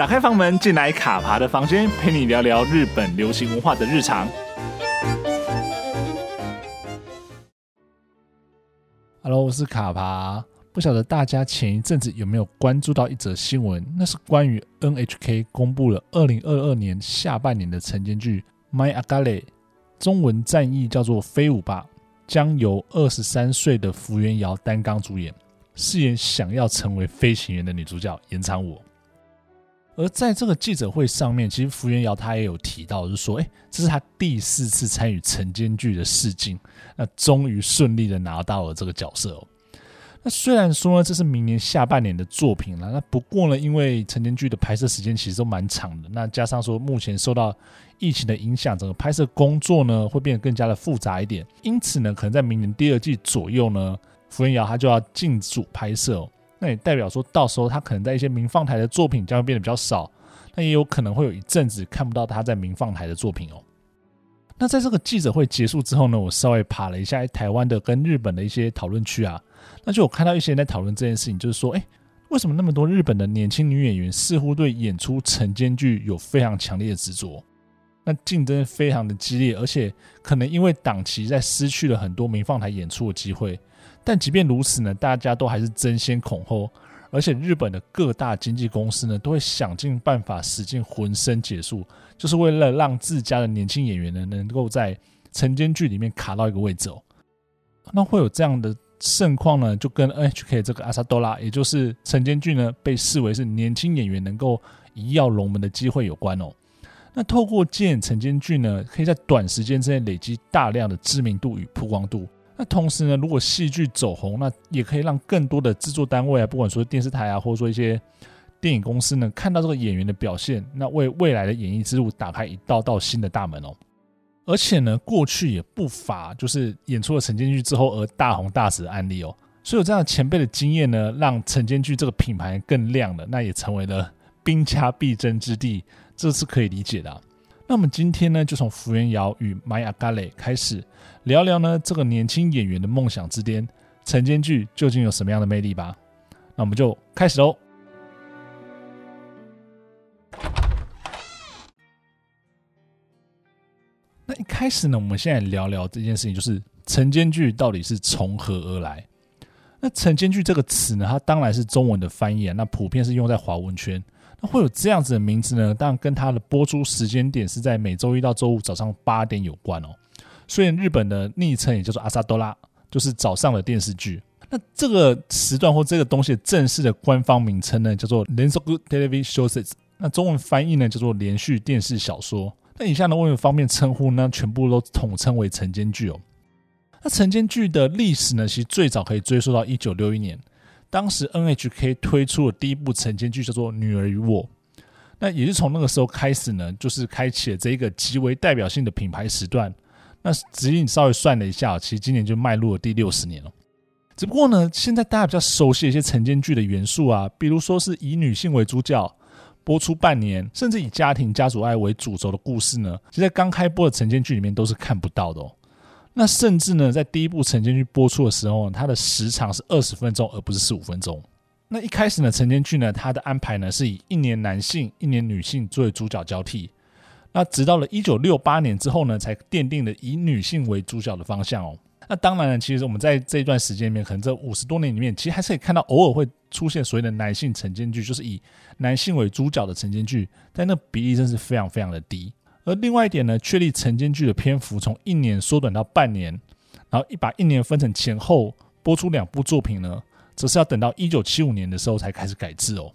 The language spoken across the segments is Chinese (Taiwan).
打開房門，進來卡爬的房間，陪你聊聊日本流行文化的日常。Hello，我是卡爬。不曉得大家前一陣子有沒有關注到一則新聞？那是關於 NHK 公布了二零二二年下半年的晨間劇《舞いあがれ！》中文戰役叫做《飛舞吧》，將由二十三歲的福原遙擔綱主演，飾演想要成為飛行員的女主角岩倉舞。而在這個記者會上面，其實福原遙他也有提到，就是說，誒、欸，這是他第四次參與《晨間劇》的試鏡，那終於順利的拿到了這個角色哦。那雖然說呢，這是明年下半年的作品了，那不過呢，因為《晨間劇》的拍攝時間其實都蠻長的，那加上說目前受到疫情的影響，整個拍攝工作呢會變得更加的複雜一點，因此呢，可能在明年第二季左右呢，福原遙他就要進組拍攝哦。那也代表說，到時候他可能在一些民放台的作品將會變得比較少，那也有可能會有一陣子看不到他在民放台的作品哦。那在這個記者會結束之後呢，我稍微爬了一下台灣的跟日本的一些討論區啊，那就我看到一些人在討論這件事情，就是說，誒，為什麼那麼多日本的年輕女演員似乎對演出晨間劇有非常強烈的執着？那競爭非常的激烈，而且可能因為檔期在失去了很多民放台演出的機會。但即便如此呢，大家都還是爭先恐後，而且日本的各大經紀公司呢，都會想盡辦法，使盡渾身解數，就是為了讓自家的年輕演員呢，能夠在晨間劇裡面卡到一個位置哦。那會有這樣的盛況呢，就跟 NHK 這個阿薩多拉，也就是晨間劇呢，被視為是年輕演員能夠一躍龍門的機會有關哦。那透過接演晨間劇呢，可以在短時間之內累積大量的知名度與曝光度。那同時呢，如果戲劇走紅，那也可以讓更多的制作單位啊，不管說是電視台啊，或者說一些電影公司呢，看到這個演員的表現，那為未來的演藝之路打開一道道新的大門哦。而且呢，過去也不乏就是演出了晨間劇之後而大紅大紫的案例哦。所以有這樣前輩的經驗呢，讓晨間劇這個品牌更亮了，那也成為了兵家必爭之地，這是可以理解的啊。那麼今天呢，就從福原遙與舞いあがれ開始聊聊呢，這個年輕演員的夢想之巔——晨間劇，究竟有什麼樣的魅力吧？那我們就開始嘍。那一開始呢，我們先來聊聊這件事情，就是晨間劇到底是從何而來？那“晨間劇”這個詞呢，它當然是中文的翻譯，那普遍是用在華文圈。會有這樣子的名字呢？當然跟它的播出時間點是在每周一到周五早上八點有關哦。所以日本的昵稱也叫做阿薩多拉，就是早上的電視劇。那這個時段或這個東西正式的官方名稱呢，叫做連続テレビ小説。那中文翻譯呢，叫做連續電視小說。那以下呢，為了方便稱呼呢，全部都統稱為晨間劇哦。那晨間劇的歷史呢，其實最早可以追溯到一九六一年。當時 N H K 推出的第一部晨間劇，叫做《女兒與我》，那也是從那個時候開始呢，就是開啟了這一個極為代表性的品牌時段。那直接你稍微算了一下，其實今年就邁入了第六十年了。只不過呢，現在大家比較熟悉一些晨間劇的元素啊，比如說是以女性為主角，播出半年，甚至以家庭、家族愛為主軸的故事呢，其實在剛開播的晨間劇裡面都是看不到的哦。那甚至呢，在第一部晨間劇播出的時候，它的時長是二十分鐘，而不是十五分鐘。那一開始呢，晨間劇呢，它的安排呢是以一年男性、一年女性作為主角交替。那直到了一九六八年之後呢，才奠定了以女性為主角的方向哦。那當然呢，其實我們在這一段時間裡面，可能這五十多年裡面，其實還是可以看到偶爾會出現所謂的男性晨間劇，就是以男性為主角的晨間劇，但那個比例真是非常非常的低。而另外一點呢，確立晨間劇的篇幅從一年縮短到半年，然後一把一年分成前後播出兩部作品呢，則是要等到一九七五年的時候才開始改制哦。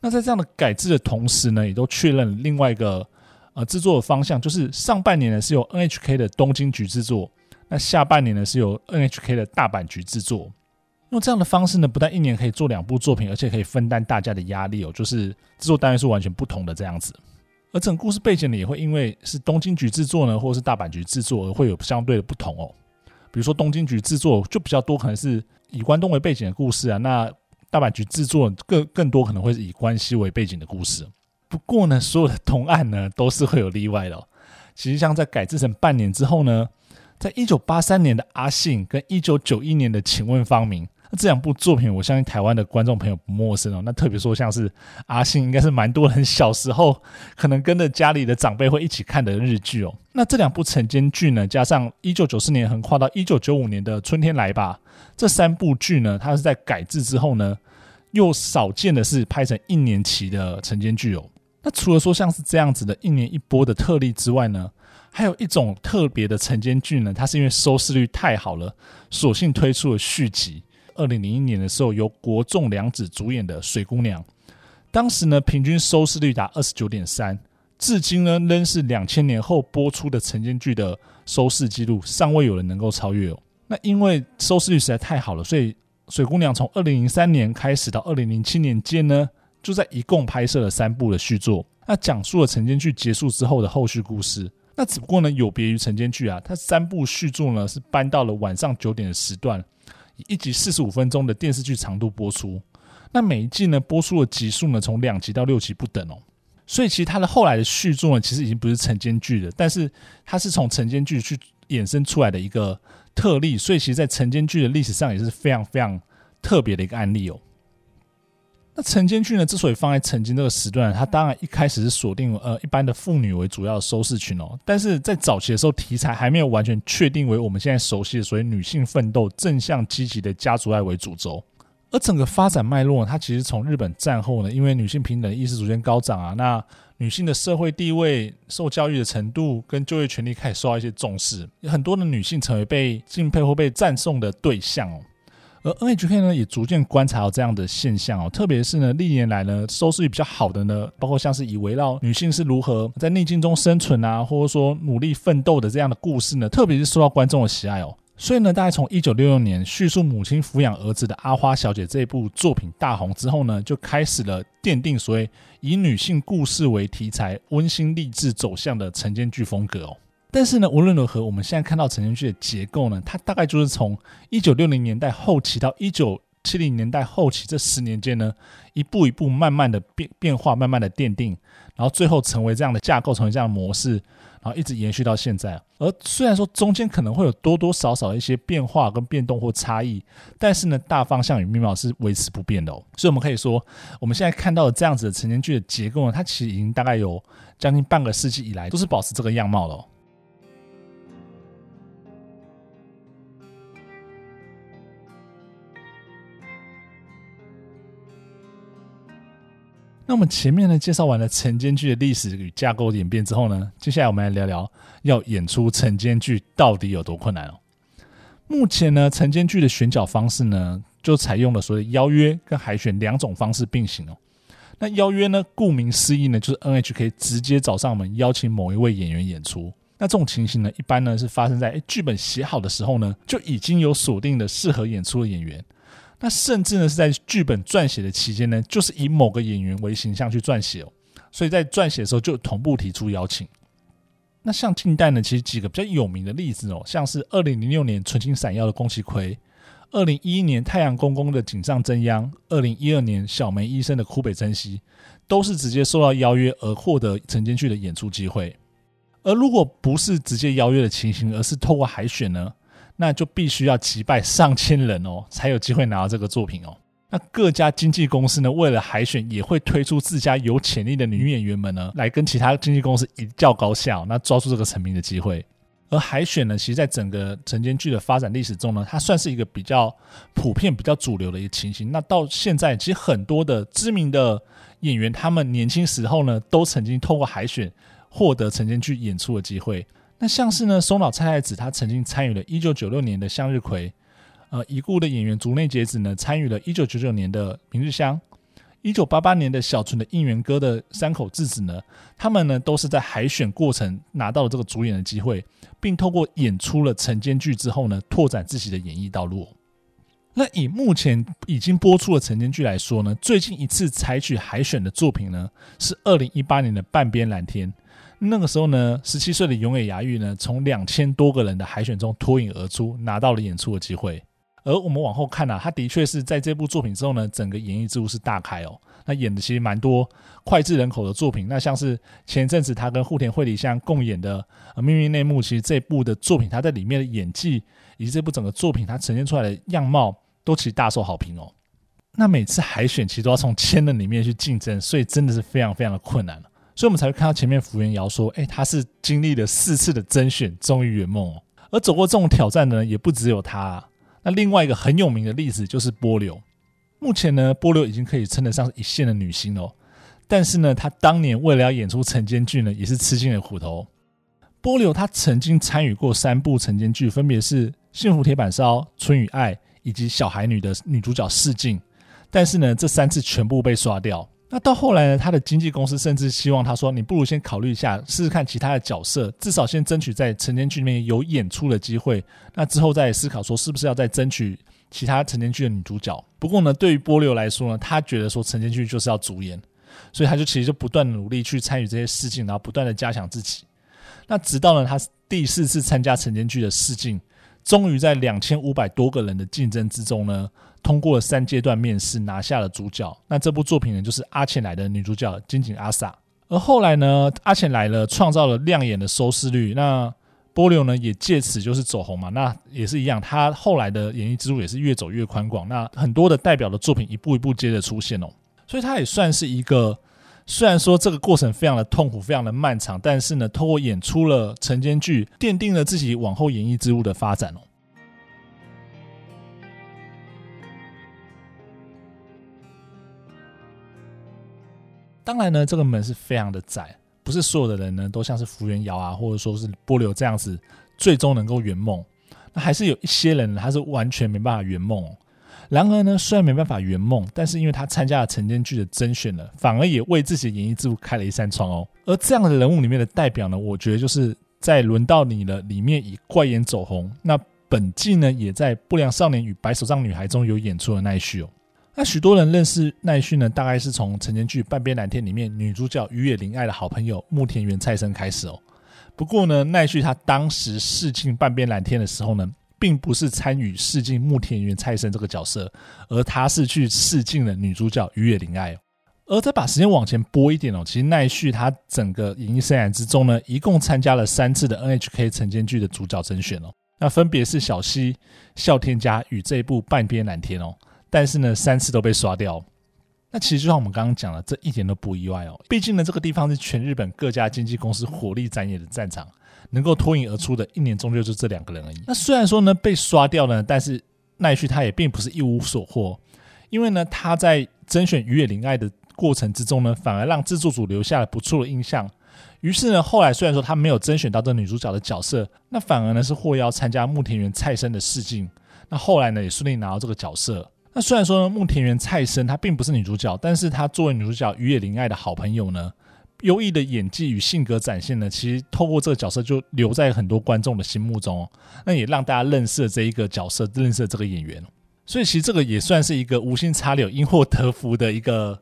那在這樣的改制的同時呢，也都確認另外一個呃制作的方向，就是上半年呢是由 NHK 的東京局制作，那下半年呢是由 NHK 的大阪局制作。用這樣的方式呢，不但一年可以做兩部作品，而且可以分擔大家的壓力哦。就是制作單位是完全不同的這樣子。而整個故事背景呢，也會因為是東京局制作呢，或者是大阪局制作，而會有相對的不同哦。比如說東京局制作就比較多，可能是以關東為背景的故事啊；那大阪局制作更更多可能會是以關西為背景的故事。不過呢，所有的同案呢都是會有例外的哦。其實像在改制成半年之後呢，在一九八三年的《阿信》跟一九九一年的《請問芳名》。這兩部作品，我相信台灣的觀眾朋友不陌生哦。那特別說，像是阿信，應該是蠻多人小時候可能跟着家裡的長輩會一起看的日劇哦。那這兩部晨間劇呢，加上一九九四年橫跨到一九九五年的《春天來吧》，這三部劇呢，它是在改制之後呢，又少見的是拍成一年期的晨間劇哦。那除了說像是這樣子的一年一波的特例之外呢，還有一種特別的晨間劇呢，它是因為收視率太好了，索性推出了續集。二零零一年的時候，由國仲涼子主演的《水姑娘》，當時呢平均收視率達二十九點三，至今呢仍是兩千年後播出的晨間劇的收視記錄，尚未有人能夠超越哦。那因為收視率實在太好了，所以《水姑娘》從二零零三年開始到二零零七年間呢，就在一共拍攝了三部的續作，那講述了晨間劇結束之後的後續故事。那只不過呢，有別於晨間劇啊，它三部續作呢是搬到了晚上九點的時段。一集四十五分鐘的電視劇長度播出，那每一季呢，播出的集數呢，從兩集到六集不等哦。所以其實它的後來的續作呢，其實已經不是晨間劇了，但是它是從晨間劇去衍生出來的一個特例，所以其實，在晨間劇的歷史上也是非常非常特別的一個案例哦。那晨間劇呢，之所以放在晨間這個時段，他當然一開始是鎖定了呃一般的婦女為主要的收視群哦。但是在早期的時候，題材還沒有完全確定為我們現在熟悉的所謂女性奮鬥、正向積極的家族愛為主軸。而整個發展脈絡呢，它其實從日本戰後呢，因為女性平等意識逐漸高漲啊，那女性的社會地位、受教育的程度跟就業權利開始受到一些重視，有很多的女性成為被敬佩或被讚頌的對象哦。而 NHK 呢，也逐漸觀察到這樣的現象哦，特別是呢，歷年來呢，收視率比較好的呢，包括像是以圍繞女性是如何在逆境中生存啊，或者說努力奮鬥的這樣的故事呢，特別是受到觀眾的喜愛哦。所以呢，大概從1966年敘述母親撫養兒子的《阿花小姐》這部作品大紅之後呢，就開始了奠定所謂以女性故事為題材、溫馨勵志走向的晨間劇風格哦。但是呢，無論如何，我們現在看到晨間劇的結構呢，它大概就是從一九六零年代後期到一九七零年代後期這十年間呢，一步一步、慢慢的變變化、慢慢的奠定，然後最後成為這樣的架構，成為這樣的模式，然後一直延續到現在。而雖然說中間可能會有多多少少的一些變化跟變動或差異，但是呢，大方向與面貌是維持不變的，哦。所以，我們可以說，我們現在看到的這樣子的晨間劇的結構呢，它其實已經大概有將近半個世紀以來都是保持這個樣貌了，哦。那我們前面呢，介紹完了晨間劇的歷史與架構演變之後呢，接下來我們來聊聊要演出晨間劇到底有多困難哦。目前呢，晨間劇的選角方式呢，就採用了所謂邀約跟海選兩種方式並行哦。那邀約呢，顧名思義呢，就是 NHK 直接找上門邀請某一位演員演出。那這種情形呢，一般呢是發生在誒劇本寫好的時候呢，就已經有鎖定的適合演出的演員。那甚至呢是在劇本撰寫的期間呢，就是以某個演員為形象去撰寫哦，所以在撰寫的時候就同步提出邀請。那像近代呢，其實幾個比較有名的例子哦，像是二零零六年《純情閃耀》的宮崎葵，二零一一年《太陽公公》的井上真央，二零一二年《小梅醫生》的堀北真希，都是直接受到邀約而獲得晨間劇的演出機會。而如果不是直接邀約的情形，而是透過海選呢？那就必須要擊敗上千人哦，才有機會拿到這個作品哦。那各家經紀公司呢，為了海選，也會推出自家有潛力的女演員們呢，來跟其他經紀公司一較高下哦，那抓住這個成名的機會。而海選呢，其實，在整個晨間劇的發展歷史中呢，它算是一個比較普遍、比較主流的一個情形。那到現在，其實很多的知名的演員，他們年輕時候呢，都曾經透過海選獲得晨間劇演出的機會。那像是呢，松島菜菜子，她曾經參與了1996年的《向日葵》，呃，已故的演員竹內結子呢，參與了1999年的《明日香》，1988年的小純的應援歌的山口智子呢，他們呢都是在海選過程拿到了這個主演的機會，並透過演出了晨間劇之後呢，拓展自己的演藝道路。那以目前已經播出的晨間劇來說呢，最近一次採取海選的作品呢，是2018年的《半邊藍天》。那個時候呢，十七歲的永野芽郁呢，從兩千多個人的海選中脫穎而出，拿到了演出的機會。而我們往後看啊，他的確是在這部作品之後呢，整個演藝之路是大開哦。那演的其實蠻多膾炙人口的作品，那像是前陣子他跟戶田惠梨香共演的《命運內幕》，其實這部的作品他在裡面的演技以及這部整個作品他呈現出來的樣貌，都其實大受好評哦。那每次海選其實都要從千人裡面去競爭，所以真的是非常非常的困難所以我們才會看到前面福原遙說，哎，她是經歷了四次的甄選，終於圓夢。而走過這種挑戰的人，也不只有她、啊。那另外一個很有名的例子就是波流。目前呢，波流已經可以稱得上是一線的女星哦、喔。但是呢，她當年為了要演出晨間劇呢，也是吃盡了苦頭。波流她曾經參與過三部晨間劇，分別是《幸福鐵板燒》、《春與愛》以及《小孩女》的女主角試鏡，但是呢，這三次全部被刷掉。那到後來呢，他的經紀公司甚至希望他說：“你不如先考慮一下，試試看其他的角色，至少先爭取在晨間劇裡面有演出的機會。那之後再思考說是不是要再爭取其他晨間劇的女主角。”不過呢，對於波流來說呢，他覺得說晨間劇就是要主演，所以他就其實就不斷努力去參與這些事情，然後不斷的加強自己。那直到呢，他第四次參加晨間劇的試鏡。終於在兩千五百多個人的競爭之中呢，通過了三階段面試拿下了主角。那這部作品呢，就是阿淺來的女主角今井阿薩。而後來呢，阿淺來了創造了亮眼的收視率，那波瑠呢也借此就是走紅嘛。那也是一樣，他後來的演藝之路也是越走越寬廣。那很多的代表的作品一步一步接着出現哦，所以他也算是一個。雖然說這個過程非常的痛苦，非常的漫長，但是呢，透過演出了晨間劇，奠定了自己往後演藝之路的發展哦。當然呢，這個門是非常的窄，不是所有的人呢，都像是福原遙啊，或者說是波流這樣子，最終能夠圓夢。那還是有一些人，他是完全沒辦法圓夢哦。然而呢，雖然沒辦法圓夢，但是因為他參加了晨間劇的甄選了，反而也為自己的演藝之路開了一扇窗哦。而這樣的人物裡面的代表呢，我覺得就是在《輪到你了》裡面以怪演走紅，那本季呢也在《不良少年與白手杖女孩》中有演出的奈緒哦。那許多人認識奈緒呢，大概是從晨間劇《半邊藍天》裡面女主角楡野鈴愛的好朋友木田原菜生開始哦。不過呢，奈緒她當時試鏡《半邊藍天》的時候呢。並不是參與試鏡木田原菜生這個角色，而他是去試鏡了女主角楢野鈴愛哦。而再把時間往前撥一點哦，其實奈緒他整個演藝生涯之中呢，一共參加了三次的 NHK 晨間劇的主角甄選哦。那分別是小希笑天家與這一部半邊藍天哦，但是呢三次都被刷掉。那其實就像我們剛剛講了，這一點都不意外哦。畢竟呢這個地方是全日本各家經紀公司火力展演的戰場。能夠脫穎而出的一年中，就就這兩個人而已。那雖然說呢被刷掉了，但是奈緒她也並不是一無所獲，因為呢她在甄選楡野鈴愛的過程之中呢，反而讓製作組留下了不錯的印象。於是呢，後來雖然說她沒有甄選到這女主角的角色，那反而呢是獲邀參加木田原菜生的試鏡。那後來呢也順利拿到這個角色。那雖然說呢木田原菜生她並不是女主角，但是她作為女主角楡野鈴愛的好朋友呢。優異的演技與性格展現呢，其實透過這個角色就留在很多觀眾的心目中哦，那也讓大家認識了這一個角色，認識了這個演員。所以其實這個也算是一個無心插柳，因禍得福的一個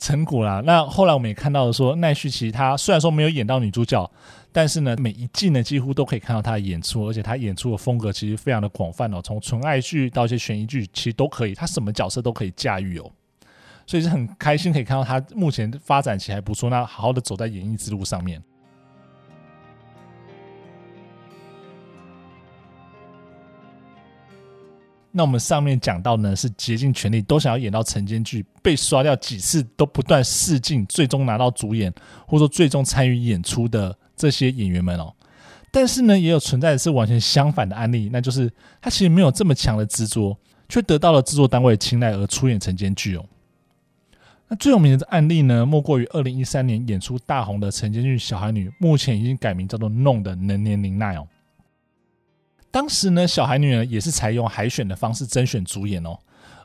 成果啦。那後來我們也看到了說，說奈緒其實她雖然說沒有演到女主角，但是呢每一季呢幾乎都可以看到她的演出，而且她演出的風格其實非常的廣泛哦，從純愛劇到一些懸疑劇，其實都可以，她什麼角色都可以駕馭哦。所以是很開心，可以看到他目前發展其實還不錯。那好好的走在演藝之路上面。那我們上面講到呢，是竭盡全力都想要演到晨間劇，被刷掉幾次，都不斷試鏡，最終拿到主演，或者最終參與演出的這些演員們哦。但是呢，也有存在的是完全相反的案例，那就是他其實沒有這麼強的執着，卻得到了制作單位的青睞而出演晨間劇哦。最有名的案例呢，莫過於二零一三年演出大紅的晨間劇《小海女》，目前已經改名叫做“弄”的能年玲奈哦。當時呢，《小海女》呢也是採用海選的方式甄選主演哦，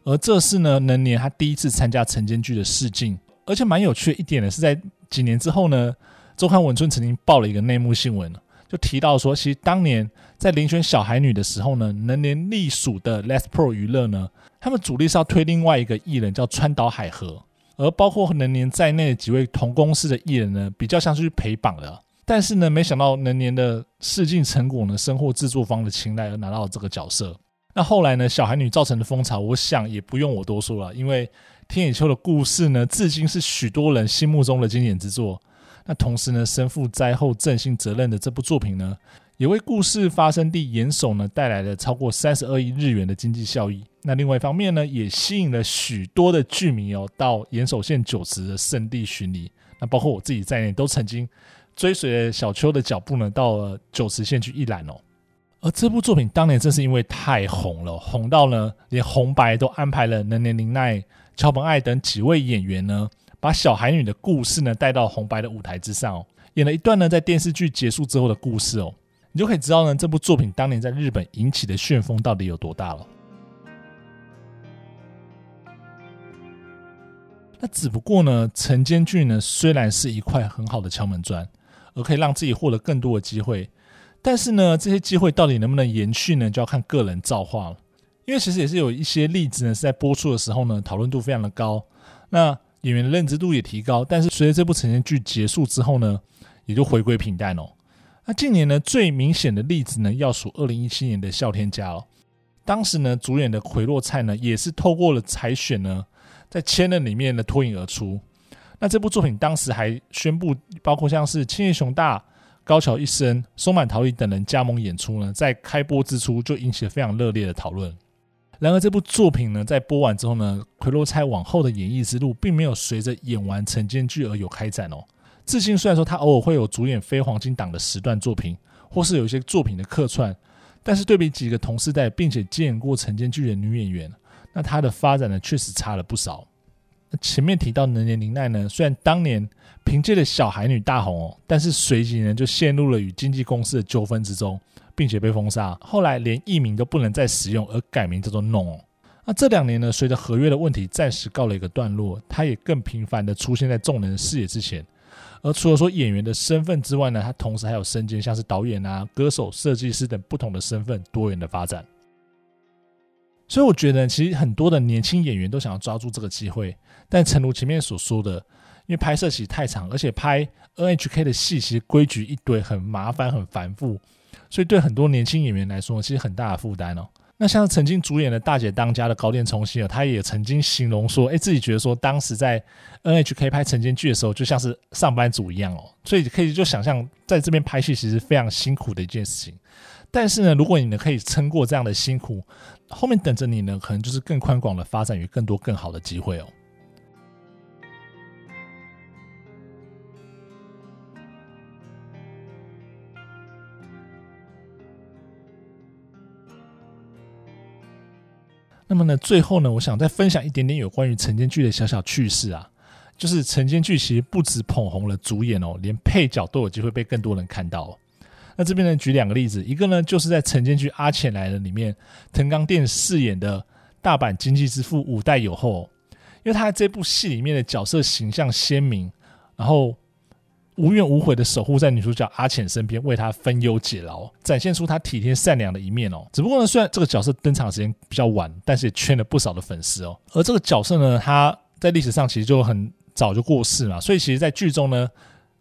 而這是呢能年她第一次參加晨間劇的試鏡。而且蠻有趣的一點呢，是在幾年之後呢，周刊文春曾經報了一個內幕新聞，就提到說，其實當年在遴選《小海女》的時候呢，能年隸屬的 Les Pro 娛樂呢，他們主力是要推另外一個藝人叫川島海荷而包括能年在內的幾位同公司的藝人呢，比較像是去陪榜的啊。但是呢，沒想到能年的試鏡成果呢，深獲制作方的青睞，而拿到了這個角色。那後來呢，小海女造成的風潮，我想也不用我多說了。因為天野秋的故事呢，至今是許多人心目中的經典之作。那同時呢，身負災後振興責任的這部作品呢，也為故事發生地岩手呢帶來了超過三十二億日元的經濟效益。那另外一方面呢，也吸引了許多的劇迷哦到岩手縣久慈的聖地巡禮。那包括我自己在內，都曾經追隨小秋的腳步呢到久慈縣去一覽哦。而這部作品當年正是因為太紅了，紅到呢連紅白都安排了能年玲奈、橋本愛等幾位演員呢，把小海女的故事呢帶到紅白的舞台之上哦，演了一段呢在電視劇結束之後的故事哦。你就可以知道呢，這部作品當年在日本引起的旋風到底有多大了。那只不過呢，晨間劇呢雖然是一塊很好的敲門磚，而可以讓自己獲得更多的機會，但是呢，這些機會到底能不能延續呢，就要看個人造化了。因為其實也是有一些例子呢，是在播出的時候呢，討論度非常的高，那演員的認知度也提高，但是隨着這部晨間劇結束之後呢，也就回歸平淡哦。那近年呢，最明顯的例子呢，要數二零一七年的《笑天家》了。當時呢，主演的葵若菜呢，也是透過了彩選呢，在千人裡面呢脫穎而出。那這部作品當時還宣布，包括像是千葉雄大、高橋一生、松坂桃李等人加盟演出呢，在開播之初就引起了非常熱烈的討論。然而，這部作品呢，在播完之後呢，葵若菜往後的演藝之路並沒有隨着演完晨間劇而有開展哦。至今雖然說他偶爾會有主演非黃金檔的時段作品，或是有一些作品的客串，但是對比幾個同時代並且接演過晨間劇的女演員，那她的發展呢，確實差了不少。前面提到能年玲奈呢，雖然當年憑借着小孩女大紅哦，但是隨即呢就陷入了與經紀公司的糾紛之中，並且被封殺，後來連藝名都不能再使用，而改名叫做弄。那這兩年呢，隨着合約的問題暫時告了一個段落，她也更頻繁的出現在眾人的視野之前。而除了說演員的身份之外呢，他同時還有身兼像是導演啊、歌手、設計師等不同的身份，多元的發展。所以我覺得，其實很多的年輕演員都想要抓住這個機會，但誠如前面所說的，因為拍攝期太長，而且拍 NHK 的戲其實規矩一堆，很麻煩、很繁複，所以對很多年輕演員來說，其實很大的負擔哦。那像曾經主演的《大姐當家》的高畑充希哦，他也曾經形容說，誒、欸，自己覺得說當時在 NHK 拍晨間劇的時候，就像是上班族一樣哦，所以可以就想象在這邊拍戲其實非常辛苦的一件事情。但是呢，如果你呢可以撐過這樣的辛苦，後面等着你呢，可能就是更寬廣的發展與更多更好的機會哦。那麼呢，最後呢，我想再分享一點點有關於晨間劇的小小趣事啊，就是晨間劇其實不止捧紅了主演哦，連配角都有機會被更多人看到。那這邊呢，舉兩個例子，一個呢就是在晨間劇《阿淺來了》裡面，藤岡靛飾演的大阪經濟之父五代友厚，因為他在這部戲裡面的角色形象鮮明，然後，無怨無悔地守護在女主角阿淺身邊，為她分憂解勞，展現出她體貼善良的一面哦。只不過呢，雖然這個角色登場時間比較晚，但是也圈了不少的粉絲哦。而這個角色呢，他在歷史上其實就很早就過世了，所以其實在劇中呢，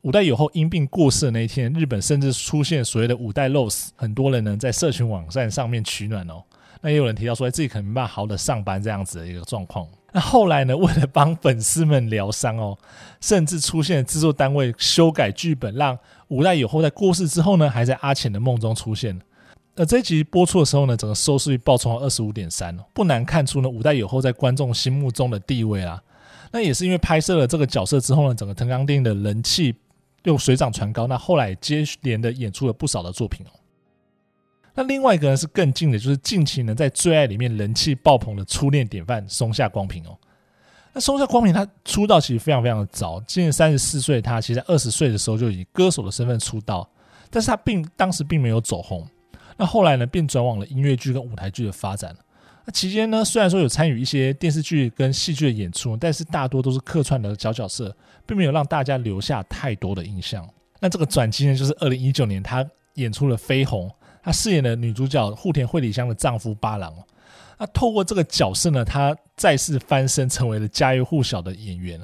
五代友厚因病過世的那一天，日本甚至出現所謂的“五代 loss”，很多人呢在社群網站上面取暖哦。那也有人提到說，自己可能沒辦法好好的上班這樣子的一個狀況。那後來呢？為了幫粉絲們療傷哦，甚至出現製作單位修改劇本，讓五代友厚在過世之後呢，還在阿淺的夢中出現。而這一集播出的時候呢，整個收視率爆衝了二十五點三哦，不難看出呢，五代友厚在觀眾心目中的地位啊。那也是因為拍攝了這個角色之後呢，整個藤岡靛的人氣又水漲船高。那後來接連的演出了不少的作品哦。那另外一個呢是更近的，就是近期呢在最愛裡面人氣爆棚的初戀典範松下光平哦。那松下光平他出道其實非常非常的早，今年三十四歲，他其實在二十歲的時候就以歌手的身份出道，但是他並當時並沒有走紅。那後來呢，便轉往了音樂劇跟舞台劇的發展。那期間呢，雖然說有參與一些電視劇跟戲劇的演出，但是大多都是客串的角角色，並沒有讓大家留下太多的印象。那這個轉機呢，就是二零一九年他演出了《緋紅》。他飾演的女主角戶田惠梨香的丈夫八郎那、啊啊、透過這個角色呢，他再次翻身成為了家喻戶曉的演員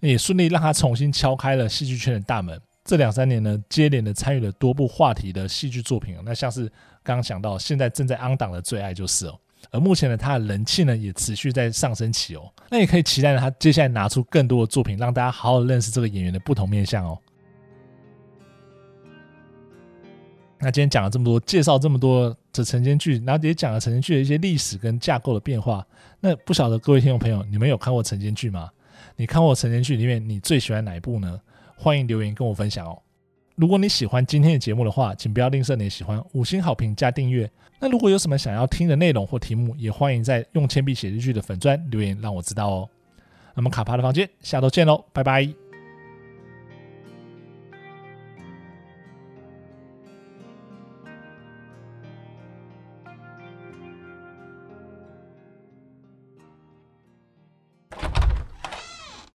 也順利讓他重新敲開了戲劇圈的大門。這兩三年呢，接連的參與了多部話題的戲劇作品那像是剛剛講到，現在正在 on 檔的最愛就是哦，而目前呢，他的人氣呢也持續在上升期哦，那也可以期待呢，他接下來拿出更多的作品，讓大家好好認識這個演員的不同面向哦。那今天講了這麼多，介紹這麼多的晨間劇，然後也講了晨間劇的一些歷史跟架構的變化。那不曉得各位聽眾朋友，你們有看過晨間劇嗎？你看過晨間劇裡面，你最喜歡哪一部呢？歡迎留言跟我分享哦。如果你喜歡今天的節目的話，請不要吝嗇你的喜歡，五星好評加訂閱。那如果有什麼想要聽的內容或題目，也歡迎在用鉛筆寫日劇的粉專留言讓我知道哦。那麼卡帕的房間，下週見嘍，拜拜。